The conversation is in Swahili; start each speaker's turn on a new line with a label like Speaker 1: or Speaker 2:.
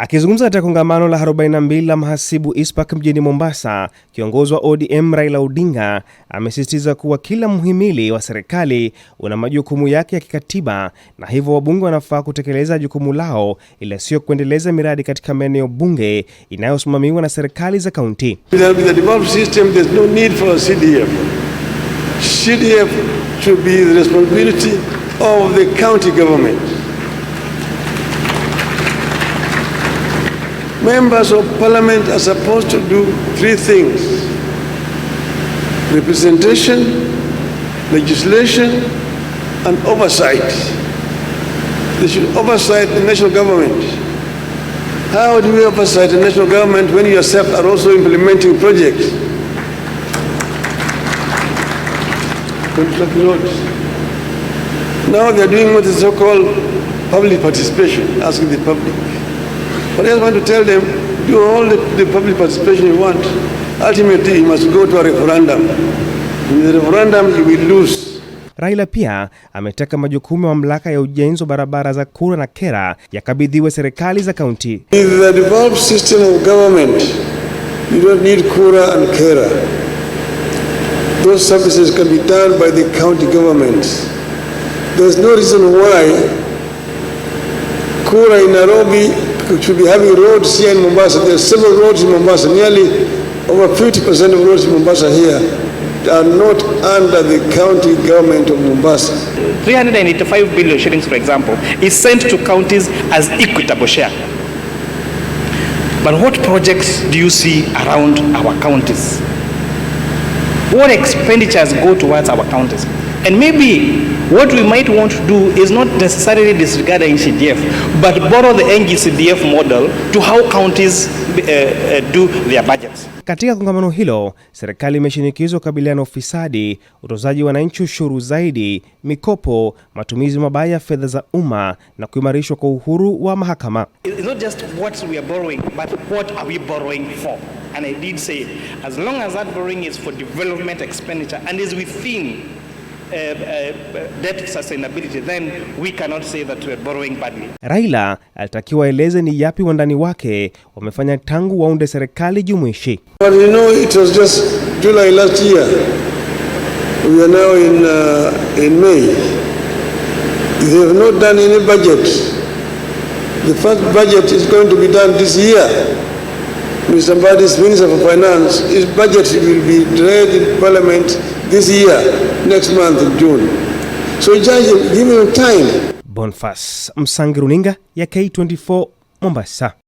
Speaker 1: Akizungumza katika kongamano la 42 la mahasibu ISPAK mjini Mombasa, kiongozi wa ODM Raila Odinga amesisitiza kuwa kila mhimili wa serikali una majukumu yake ya kikatiba na hivyo wabunge wanafaa kutekeleza jukumu lao, ila sio kuendeleza miradi katika maeneo bunge inayosimamiwa na serikali za kaunti.
Speaker 2: CDF should be the responsibility of the county government. Members of parliament are supposed to do three things representation, legislation, and oversight. They should oversight the national government. How do we oversight the national government when you yourself are also implementing projects? Now they're doing what is so called public participation, asking the public. But I just want to tell them, do all the, the public participation you want. Ultimately, you must go to a referendum. In the referendum, you will lose.
Speaker 1: Raila pia ametaka majukumu ya mamlaka ya ujenzi wa barabara za Kura na Kera yakabidhiwe serikali za kaunti. In
Speaker 2: the devolved system of government, you don't need Kura and Kera. Those services can be done by the county governments. There's no reason why Kura in Nairobi We should be having roads here in Mombasa. There are several roads in Mombasa. Nearly over 50% of roads in Mombasa here are not under the county government of Mombasa.
Speaker 3: 385 billion shillings, for example, is sent to counties as equitable share. But what projects do you see around our counties? What expenditures go towards our counties? And maybe what we might want to do is not necessarily disregard NCDF, but borrow the NGCDF model to how counties uh, uh, do their budgets.
Speaker 1: Katika kongamano hilo, serikali imeshinikizwa kukabiliana na ufisadi, utozaji wananchi ushuru zaidi, mikopo, matumizi mabaya ya fedha za umma na kuimarishwa kwa uhuru wa mahakama.
Speaker 4: It's not just what what we we are are borrowing, borrowing borrowing but for? for And and I did say, as as long that is is development expenditure within Uh, uh, debt sustainability then we cannot say that we are borrowing badly.
Speaker 1: Raila alitakiwa aeleze ni yapi wandani wake wamefanya tangu waunde serikali jumuishi.
Speaker 2: But you know it was just July last year. We are now in, uh, in May. They have not done any budget. The first budget is going to be done this year. Mr. Mbadi's Minister for Finance, his budget will be read in Parliament this year, next month in June. So judge him, give him time.
Speaker 1: bonfas Msangi, runinga ya K24, Mombasa.